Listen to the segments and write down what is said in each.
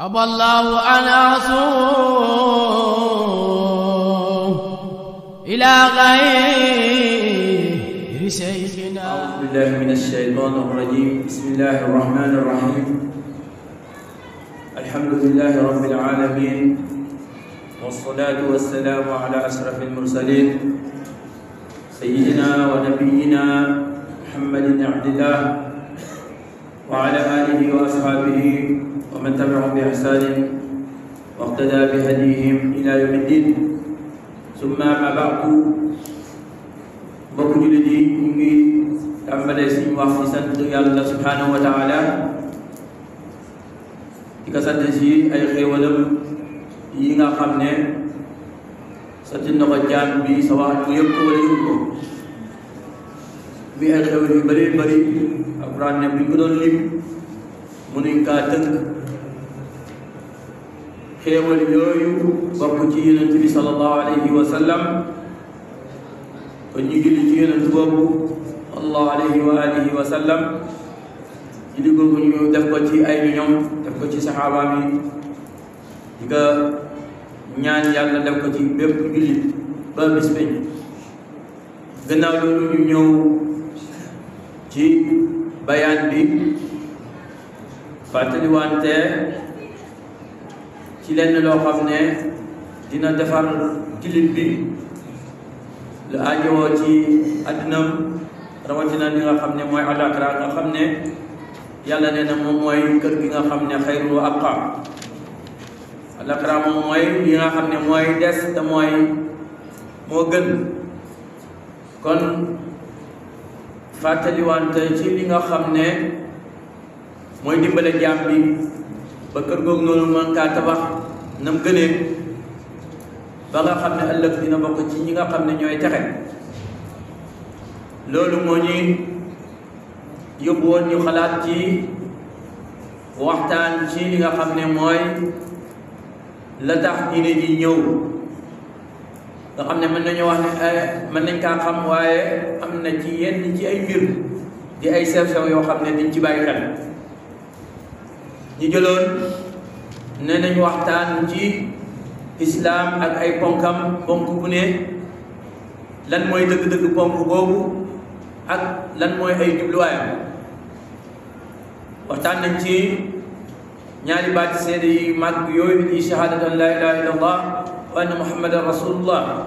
أبى الله أن أصوم إلى غير سيدنا أعوذ بالله من الشيطان الرجيم بسم الله الرحمن الرحيم الحمد لله رب العالمين والصلاة والسلام على أشرف المرسلين سيدنا ونبينا محمد بن عبد الله وعلى آله وأصحابه ومن تبعهم بإحسان واقتدى بهديهم إلى يوم الدين ثم ما بعد بكل الدين إني تعمل اسم وحسن سنت الله سبحانه وتعالى إذا سنت جي أي خير ولم ينا خمنا سنت سواء يبقى ولا يبقى بأخوه بري بري أبران نبني قدون لم منين كاتن xéewal yooyu bokk ci yonent bi salallahu alayhi wa sallam kon ñu julli ci yonent boobu salallahu alayhi wa alihi wa sallam julli googu ñu def ko ci ay ñoom def ko ci saxaabaam yi di ko ñaan yàlla def ko ci bépp julli ba bis bi gannaaw loolu ñu ñëw ci bayaan bi fàttaliwante ci lenn loo xam ne dina defar jullit bi lu ajowoo ci àddinam rawatina li nga xam ne mooy àllaaxira nga xam ne yàlla nee moom mooy kër gi nga xam ne xayru abqa àllaaxira moom mooy li nga xam ne mooy des te moo gën kon fàttaliwante ci li nga xam ne mooy dimbale jaam bi ba kër googu noonu mën kaa tabax nam gënee ba nga xam ne ëllëg dina bokk ci ñi nga xam ne ñooy texe loolu moo ñuy yóbbu woon ñu xalaat ci waxtaan ci li nga xam ne mooy la tax diine ji ñëw nga xam ne mën nañoo wax ne eh, mën nañ kaa xam waaye am na ci yenn ci ay mbir di ay sew-sew yoo xam ne dañ ci bàyyi xel ñu jëloon ne nañ waxtaan ci islaam ak ay ponkam ponk lan mooy dëgg-dëgg ponk boobu ak lan mooy ay jubluwaayam waxtaan nañ ci ñaari baati seede yi mag yooyu di shahadatu an laa ilaaha illallah wa anna muhammadan rasulullah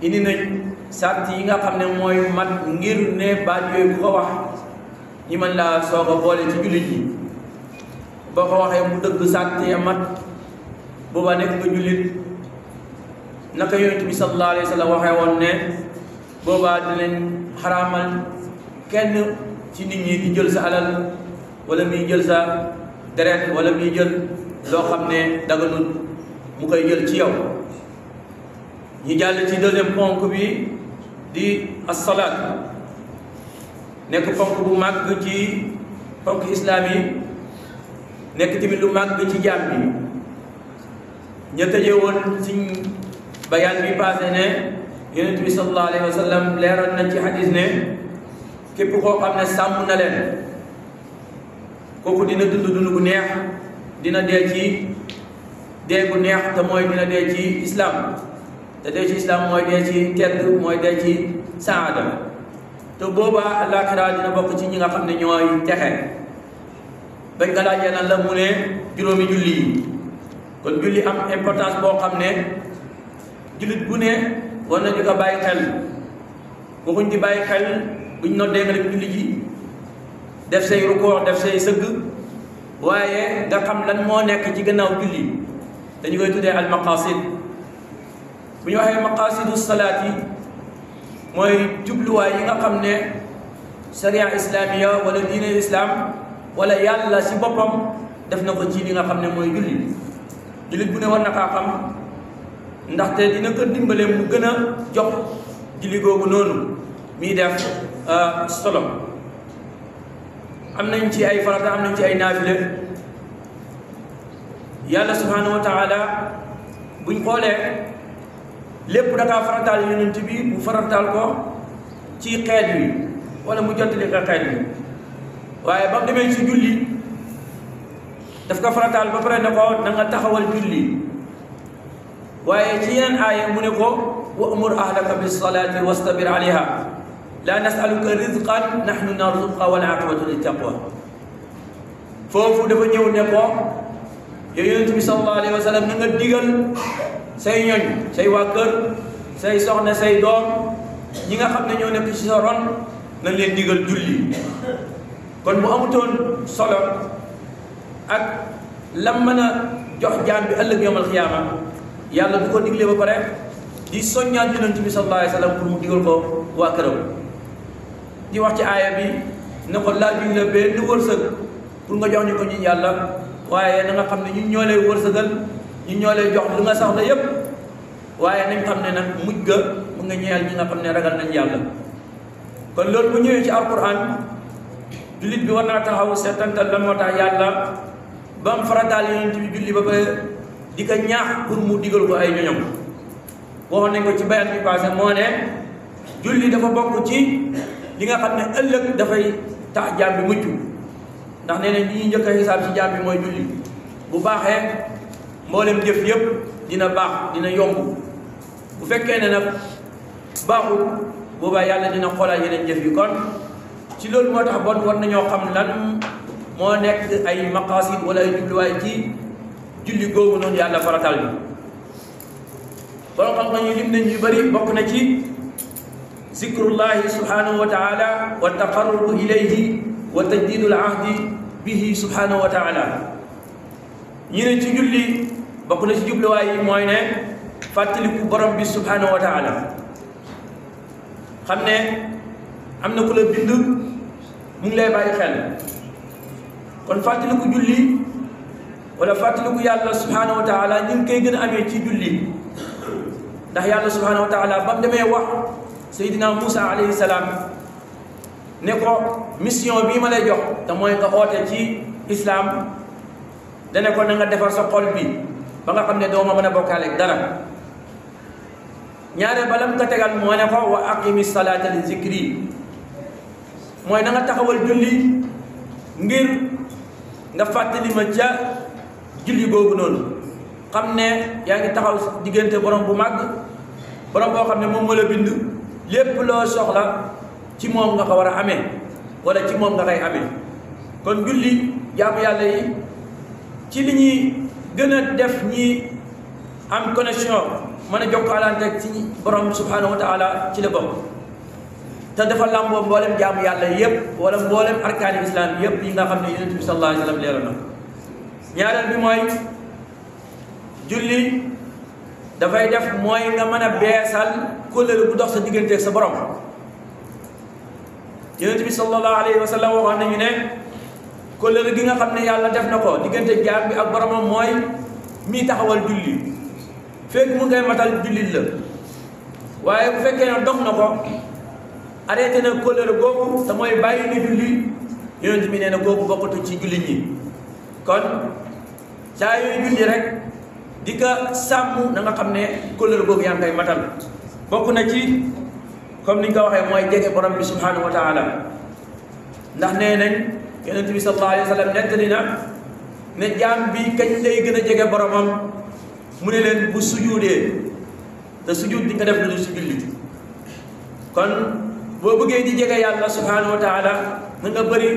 indi nañ sart yi nga xam ne mooy mat ngir ne baat bu ko wax ñi mën laa soog a boole ci jullit yi boo ko waxee mu dëgg sart ya mat booba nekk nga jullit naka yonent bi sallallahu waxee woon ne boobaa dinañ xaraamal kenn ci nit ñi di jël sa alal wala muy jël sa deret wala muy jël loo xam ne daganul mu koy jël ci yow ñu jàll ci deuxième ponk bi di asalaat nekk ponk bu màgg ci ponk islaam yi nekk tamit lu màgg ci jaam bi ña tëjee woon siñ bayaan bi passé ne yonent bi sallallahu leeral na ci hadis ne képp koo xam ne sàmm na leen kooku dina dund dund bu neex dina dee ci dee gu neex te mooy dina dee ci islaam te dee ci islaam mooy dee ci tedd mooy dee ci saada te boobaa àllaaxira dina bokk ci ñi nga xam ne ñooy texe bañ nga laajee lan la mu ne juróomi julli yi kon julli am importance boo xam ne jullit bu ne war nañu ko bàyyi xel waxuñ di bàyyi xel buñ noddee nga dem julli ji def say rukoor def say sëgg waaye nga xam lan moo nekk ci gannaaw julli dañu koy tuddee al maqasid bu ñu waxee maqasidu salaat yi mooy jubluwaay yi nga xam ne sharia islamiya wala diine islam wala yàlla si boppam def na ko ci li nga xam ne mooy jullit jullit bu ne war na kaa xam ndaxte dina ko dimbale mu gën a jox julli googu noonu muy def solo am nañ ci ay farata am nañ ci ay naafile yàlla subhanahu wa taala buñ xoolee lépp da ngaa farataal yonent bi bu farataal ko ci xeet wi wala mu jottali li xeet wi waye ba demé ci julli daf ko farataal ba pare nako da nga taxawal julli waye ci yeen ay mu ne ko wa amur ahlaka bis salati wastabir alayha laa nasaluka rizqan nahnu narzuquka wal aqibatu lit taqwa foofu dafa ñëw ne ko yow yonent bi sallallahu alayhi wa sallam na nga digal say ñoñ say waa kër say soxna say doom ñi nga xam ne ñoo nekk ci sa ron na leen digal julli kon mu amutoon solo ak lam mën a jox jaam bi ëllëg yawmal xiyaama yàlla du ko digle ba pare di soññaat yonent bi sallallahu wa pour mu digal ko waa këram di wax ci aaya bi ne ko laaj ñu la benn wërsëg pour nga jox ñu ko ñun yàlla waaye na nga xam ne ñun ñoo lay wërsëgal ñun ñoo lay jox li nga soxla yépp waaye nañ xam ne nag mujj ga mu nga ñeel ñi nga xam ne ragal nañ yàlla kon loolu bu ñëwee ci alquran julit bi war naa taxaw seetantal lan moo tax yàlla ba mu farataal julli ba ba di ko ñaax pour mu digal ko ay ñoñam waxoon nañ ko ci bayat bi passé moo ne julli dafa bokk ci li nga xam ne da dafay tax jaam bi mucc ndax nee ni li ñuy njëkk ci jaam bi mooy julli bu baxé mbolem jëf yépp dina bax dina yomb bu fekké ne nag baaxul boobaa yàlla dina xoolaat yeneen jëf yi kon ci lool motax bon war nañu xam lan mo nek ay maqasid wala ay jullu way ci julli gogu non yàlla faratal bi bon xam nga ñu lim nañ yu bari bokk na ci zikrullahi subhanahu wa taala wa taqarrubu ilayhi وتجديد العهد به سبحانه وتعالى ني تي جولي باكو ناي جوبلو واي موي ني فاتليكو بروم بي سبحانه وتعالى خامني امنا كولا بيند مون لاي باي خيل يعني. كون فاتليكو جولي ولا فاتليكو يالله سبحانه وتعالى نين كاي گن امي تي جولي داخ يالله سبحانه وتعالى بام ديمي واخ سيدنا موسى عليه السلام Neko ko mission bii ma lay jox te nga ci islam dan ko na nga defar sa xol bi ba nga xam ne doo ma mën a bokkaale dara ñaare balam ko tegal moo ne ko wa aqimi salata li zikri mooy na nga taxawal julli ngir nga fàttali ma ca julli ne yaa ngi taxaw diggante borom bu màgg borom boo xam ne moom la bind soxla ci moom nga ko war a amee wala ci moom nga koy amee kon julli jaamu yàlla yi ci li ñuy gën a def ñi am connexion mën a jokkaalante ci borom subhanahu wa taala ci la bokk te dafa làmboo mboolem jaamu yàlla yépp wala mboolem arkaani islam yépp yi nga xam ne yonent bi sallallahu alayhi wa sallam leeral na ñaareel bi mooy julli dafay def mooy nga man a beesal kóllëre bu dox sa digganteeg sa borom yonent bi sallallahu alayhi wa sallam waxoon nañu ne kóllëre gi nga xam ne yàlla def na ko diggante jaam bi ak boromam mooy mii taxawal julli fekk mu ngay matal jullit la waaye bu fekkee na dox na ko arrêté na kóllëre googu te mooy bàyyi ni julli yonent bi nee na googu bokkatu ci jullit ñi kon saa yooyu julli rek di sàmm na nga xam ne kóllëre googu yaa ngay matal bokk na ci comme ni ñu ko waxee mooy jege borom bi subhanahu wa taala ndax nee nañ yonent bi sallallahu alayhi wa sallam nettali na ne jaam bi kañ lay gën a jege boromam mu ne leen bu sujuudee te sujuud di nga def lu dul si julli kon boo bëggee di jege yàlla subhanahu wa taala na nga bëri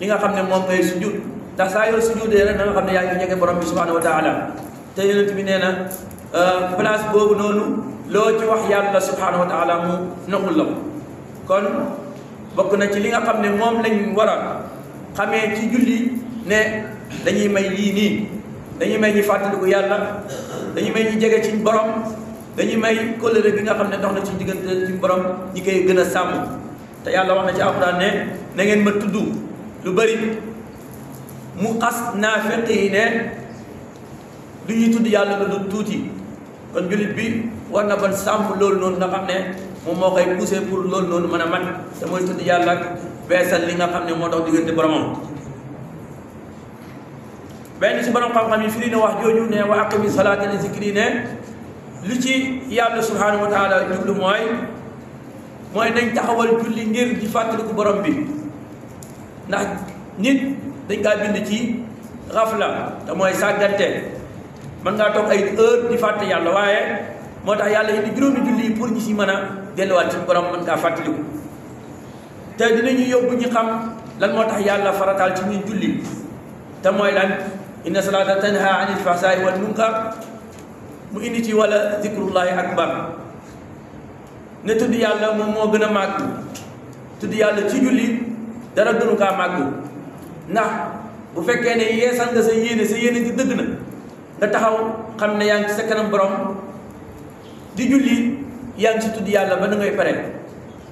li nga xam ne moom ngay sujuud ndax saa yoo sujuudee rek na nga xam ne yaa ngi jege borom bi subhanahu wa te yonent nee na Euh, place boobu noonu loo ci wax yàlla subhanahu wa taala mu naxul la ko kon bokk na ci li nga xam ne moom lañ war a xamee ci julli ne dañuy may lii nii dañuy may ñi fàttaliku yàlla dañuy may ñi jege ci borom dañuy may kóllëre bi nga xam ne dox na ci diggante ci borom ñi koy gën a sàmm te yàlla wax na ci alxuraan ne na ngeen ma tudd lu bëri mu xas naa fekk yi ne du tudd yàlla lu dul tuuti kon jullit bi war na ban sàmm loolu noonu nga xam ne moom moo koy poussé pour loolu noonu mën a mat te mooy tudd yàlla ak beesal li nga xam ne moo dox diggante boromam benn si borom xam-xam yi firi ne wax jooju ne wa aqimi salaata li zikri ne li ci yàlla subhanahu wa taala jublu mooy mooy nañ taxawal julli ngir di fàttaliku borom bi ndax nit dañ kaa bind ci xafla te mooy sàggante man ngaa toog ay heure di fàtte yàlla waaye moo tax yàlla indi juróomi julli yi pour ñi si mën a delluwaat ci borom dinañu xam lan ci julli lan inna salata tanha anil fahsai wal munkar mu indi ci wala zikrullahi akbar ne tudd yàlla moom moo gën a tudd yàlla ci julli dara gënu kaa màgg ndax bu fekkee yeesal nga sa sa ci na nga taxaw xam ne yaa ngi ci sa kanam borom di julli yaa ngi ci tudd yàlla ba nu pare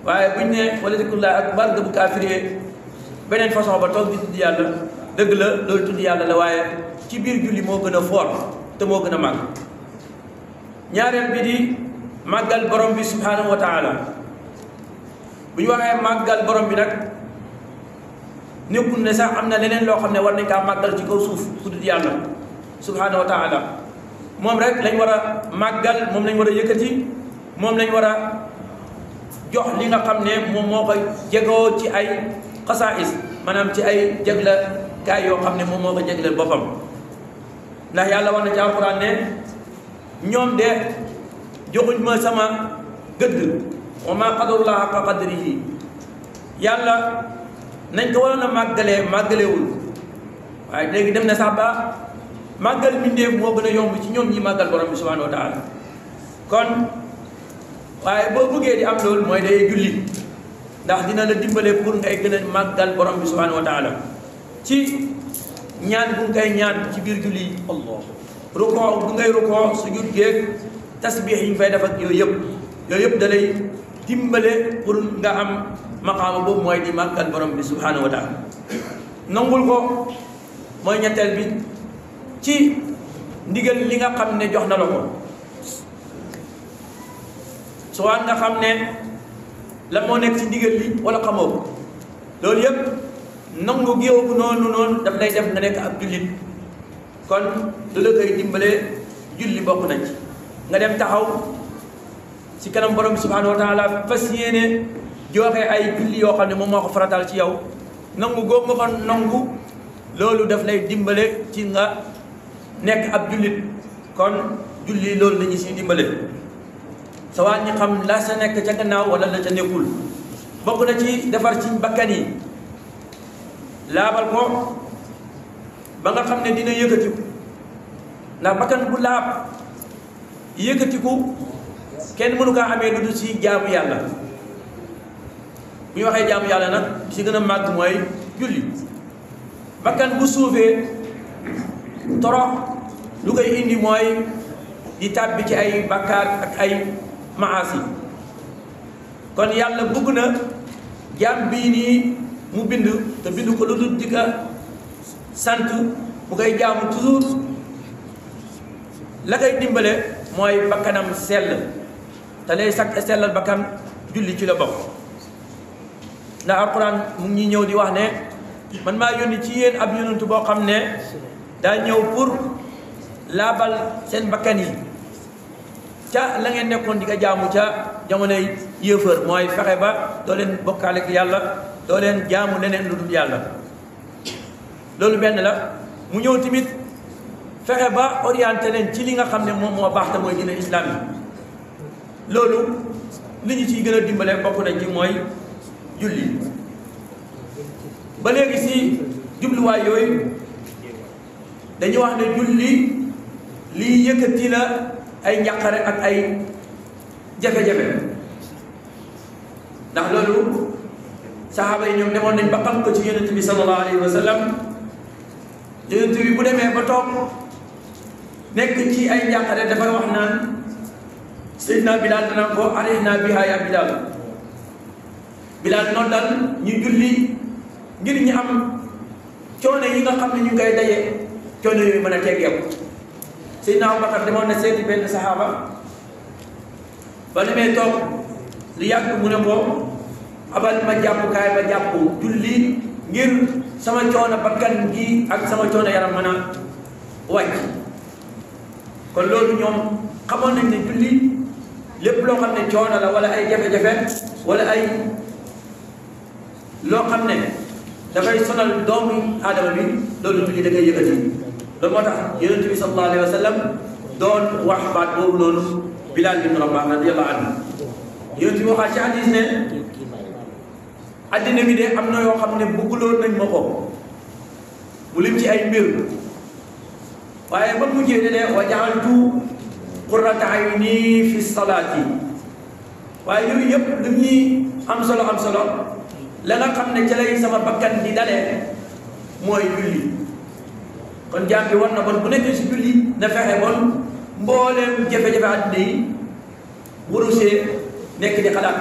waaye buñ ne wala zikrullahi akbar nga bu kaafiree beneen façon ba toog di tudd yàlla dëgg la loolu tudd yàlla la waaye ci biir julli moo gën a foor te moo gën a màgg ñaareel bi di màggal borom bi subhanahu wa taala bu ñu waxee màggal borom bi nag nekkul ne sax am na leneen loo xam ne war nañ kaa màggal ci kaw suuf ku tudd yàlla subhaanahu wa moom rek lañ war a màggal moom lañ war a yëkkati moom lañ war a jox li nga xam ne moom moo ko jegoo ci ay xasaais maanaam ci ay jagla kaay yoo xam ne moom moo ko jagleel boppam ndax yàlla war na ci ne ñoom de joxuñ ma sama gëdd wa maa qadarullah xaqa qadrihi yàlla nañ ko waroon a màggalee màggalewul waaye léegi dem na sax ba magal minde moo gën a yomb ci ñoom ñi màggal borom bi subhanahu wa taala kon waaye boo bëggee di am loolu mooy day julli ndax dina la dimbale pour ngay gën a màggal borom bi subhanahu wa taala ci ñaan bu ngay ñaan ci biir julli allah rukoo bu ngay rukoo sujud geeg tasbix yi fay def ak yooyu yëpp yooyu yëpp da lay dimbale pour nga am maqaama boobu mooy di màggal borom bi subhanahu wa taala nangul ko mooy ñetteel bi ci ndigal li nga xam ne jox na la ko soit nga xam ne la moo nekk ci ndigal li wala xamoo ko loolu yëpp nangu géew bu noonu noonu daf lay def nga nekk ab jullit kon du la koy dimbale julli bokk na ci nga dem taxaw ci kanam borom subhanahu wa taala fas yéene joxe ay julli yoo xam ne moom moo ko faratal ci yow nangu góob nga ko nangu loolu daf lay dimbale ci nga nekk ab jullit kon julli loolu la ñu siy dimbale ñi xam la sa nekk ca gannaaw wala la ca nekkul bokk na ci defar ci bakkan yi laabal ko ba nga xam ne dina yëkkatiku ndax bakkan bu laab yëkkatiku kenn mënu kaa amee lu dul si jaamu yàlla bu ñu waxee jaamu yàlla nag si gën a màgg mooy julli bakkan bu suufee torox lu koy indi mooy di tàbbi ci ay bakkaar ak ay maasi kon yàlla bugg na jaam bii nii mu bind te bind ko lu dul di sant mu koy jaamu toujours la koy dimbale mooy bakkanam sell te lay sakk sellal bakkan julli ci la bokk ndax alquran mu ngi ñëw di wax ne man maa yónni ci yéen ab yonantu boo xam ne daa ñëw pour laabal seen bakkan yi ca la ngeen nekkoon di ko jaamu ca jamonoy yëfër mooy fexe ba doo leen bokkaale yàlla doo leen jaamu leneen lu dul yàlla loolu benn la mu ñëw tamit fexe ba orienté leen ci li nga xam ne moom moo baax te mooy diine islam yi loolu li ñu ciy gën a dimbale bokk nañ ci mooy julli ba léegi si jubluwaay yooyu dañu wax ne julli lii yëkkati la ay njàqare ak ay jafe-jafe ndax loolu saxaaba yi ñoom demoon nañ ba xam ko ci yonent bi sallallahu alayhi wa sallam yonent bi bu demee ba toog nekk ci ay njàqare dafay wax naan Seydina Bilaal danaan ko arihna biha ya Bilaal Bilaal noonu daal julli ngir ñu am coono yi nga xam ne ñu ngi koy daje coono yooyu mën a teggeeku Seydina Abubakar demoon na seeti benn saxaaba ba demee toog lu yàgg mu ne ko abal ma jàppukaay kaay ma jàpp julli ngir sama coono bakkan gi ak sama coono yaram mën a wàcc kon loolu ñoom xamoon nañ ne julli lépp loo xam ne coono la wala ay jafe-jafe wala ay loo xam ne dafay sonal doomu aadama bi loolu julli da ngay yëkkati loolu moo tax yonent bi sallallahu alayhi wax baat boobu noonu Bilaal bin Rabah radiyallahu anhu yonent bi waxaat ci hadiis ne addina bi de am na yoo xam ne bëgguloon nañ ma ko lim ci ay mbir waaye ba mujjee ne ne wa ja'altu qurrata ayni fi salaati waaye yooyu yëpp lu ñuy am solo am solo la nga xam ne ca sama bakkan di dalee mooy julli kon jaam bi war na bon bu nekkee si julli na fexe bon mbooleem jafe-jafe àddina yi warusee nekk di xalaat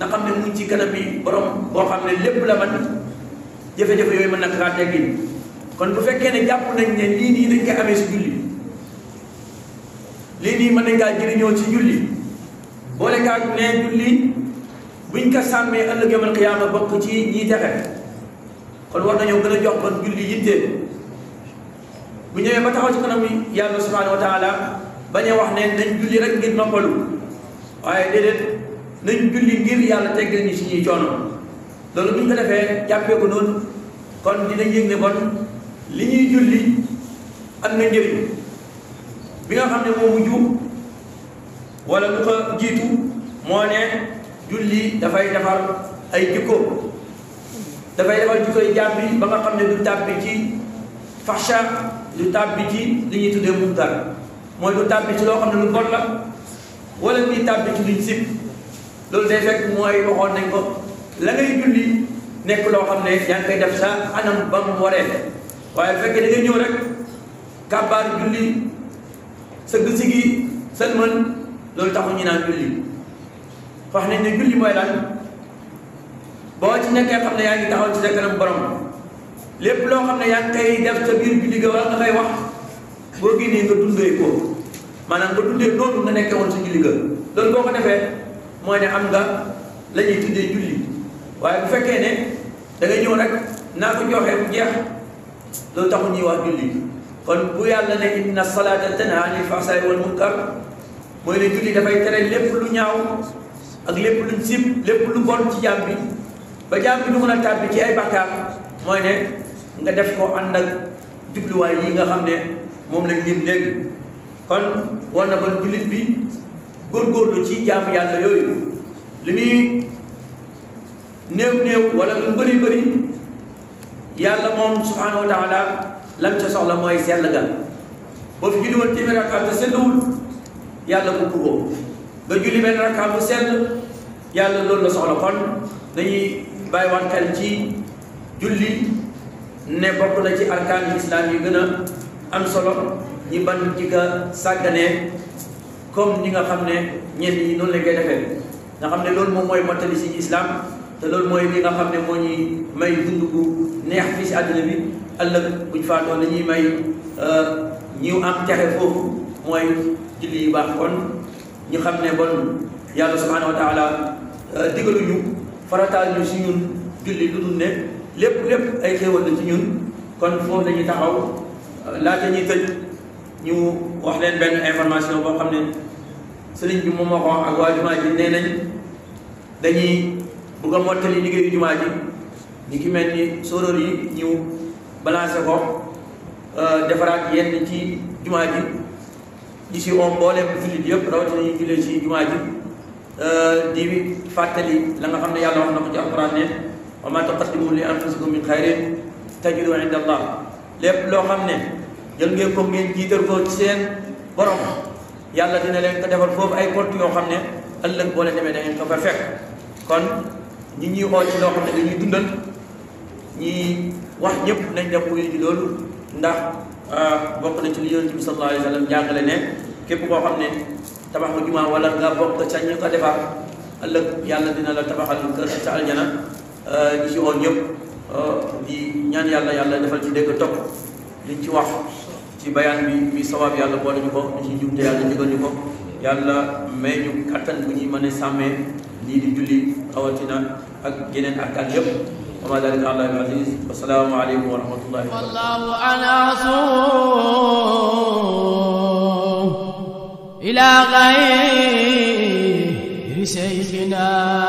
na xam ne mu ci kanam bi borom boo xam ne lépp la man jafe-jafe yooyu mën na kaa teggin kon bu fekkee ne jàpp nañ ne lii nii dañ koy amee si julli lii nii mën nañ kaa jëriñoo si julli boole kaa ne julli buñ ko sàmmee ëllëg yomal xiyaama bokk ci ñiy texe kon war nañoo gën a jox kon julli yitte bu ñëwee ba taxaw ci kanam yàlla subhanahu wa taala bañ wax ne nañ julli rek ngir noppalu waaye déedéet nañ julli ngir yàlla teggal ñu suñuy coono loolu bu ñu ko defee jàppee ko noonu kon dinañ yëg li ñuy julli am na njëriñ bi nga xam ne moo mujj wala lu ko jiitu moo ne julli dafay defar ay jikko dafay defar jikkoy jàmbi ba nga xam ne du tàbbi ci faxsha du tàbbi ci li ñuy tuddee mu dara mooy du tàbbi ci loo xam ne lu bon la wala muy tàbbi ci luñ sib loolu day fekk mooy waxoon nañ ko la ngay julli nekk loo xam ne yaa ngi koy def sa anam ba mu waree waaye bu fekkee da ngay ñëw rek kàbbaar julli sëgg sigi sëlmal loolu taxu ñu naan julli wax nañ ne julli mooy lan boo ci nekkee xam ne yaa ngi taxaw ci sa kanam borom. lépp loo xam ne yaa ngi koy def sa biir julli ga wala nga koy wax boo génnee nga dundee ko maanaam nga dundee noonu nga nekkee woon sa julli ga loolu boo ko defee mooy ne am nga la ñuy tuddee julli waaye bu fekkee ne da ñëw rek naa ko joxee bu jeex loolu taxu ñuy wax julli kon bu yàlla ne na salaata tanha anil fahsaa'i wal munkar mooy ne julli dafay tere lépp lu ñaaw ak lépp luñ sib lépp lu bon ci jaam bi ba jaam bi du mën a tàbbi ci ay bàkkaar nga def koo ànd ak jubluwaay yi nga xam ne moom lañ leen léegi kon war na kon jullit bi góorgóorlu ci jaamu yàlla yooyu li muy néew néew wala lu bëri bëri yàlla moom subhaanahu wa taala lam ca soxla mooy sell ga boo fi julli woon téeméer selluwul yàlla bu ko nga julli benn rakkaam bu sell yàlla loolu la soxla kon dañuy bàyyiwaat xel ci julli ne bokk na ci arkaani islam yi gën a am solo ñi ban jiga ka sàgganee comme ñi nga xam ne ñenn yi noonu lañ koy defee nga xam ne loolu moom mooy mottali si islam te loolu mooy li nga xam ne moo ñuy may dund bu neex fii si àddina bi ëllëg buñ faatoo la ñuy may euh, ñiw am texe foofu mooy julli yu baax kon ñu xam ne bon yàlla subhanahu wa taala euh, digaluñu farataal ñu si ñun julli lu dul ne lépp lépp ay xéewal la ci ñun kon foofu dañuy taxaw laata ñuy tëj ñu wax leen benn information boo xam ne sëriñ bi moom moo ko wax ak waa jumaa ji nee nañ dañuy bugg a mottali liggéeyu jumaa ji ñi ki mel ni sóoróor yi ñu balancé ko euh, defaraat yenn ci jumaa ji di si om mbooleem jullit yëpp rawatina ñu jullee ci jumaa ji euh, di fàttali la nga xam ne yàlla wax na ko ci alxuraan ne wa maa taqaddimu li anfusikum min xayrin tajidu inda allah lépp loo xam ne jël ngeen ko ngeen jiital ko ci seen borom yàlla dina leen ko defal foofu ay compte yoo xam ne ëllëg boo leen demee da ngeen ko fa fekk kon ñi ñuy oo ci loo xam ne ñuy dundal ñi wax ñëpp nañ def wuyu ji loolu ndax ah, bokk na ci li yonent bi sallallahu a wa sallam ne képp koo xam ne tabax nga jumaa wala nga bokk ca ñi ko defar ëllëg yàlla dina la tabaxal kër ca aljana ñi ci oon ñëpp di ñaan yàlla yàlla defal ci dégg topp liñ ci wax ci bayaan bi bi sawaab yàlla boole ñu ko ñu ci jumte yàlla jógal ñu ko yàlla may ñu kattan bu ñuy mën a sàmmee lii di julli rawatina ak yeneen akkaan yëpp وما ذلك على الله العزيز والسلام عليكم ورحمه الله وبركاته والله انا الى غير شيخنا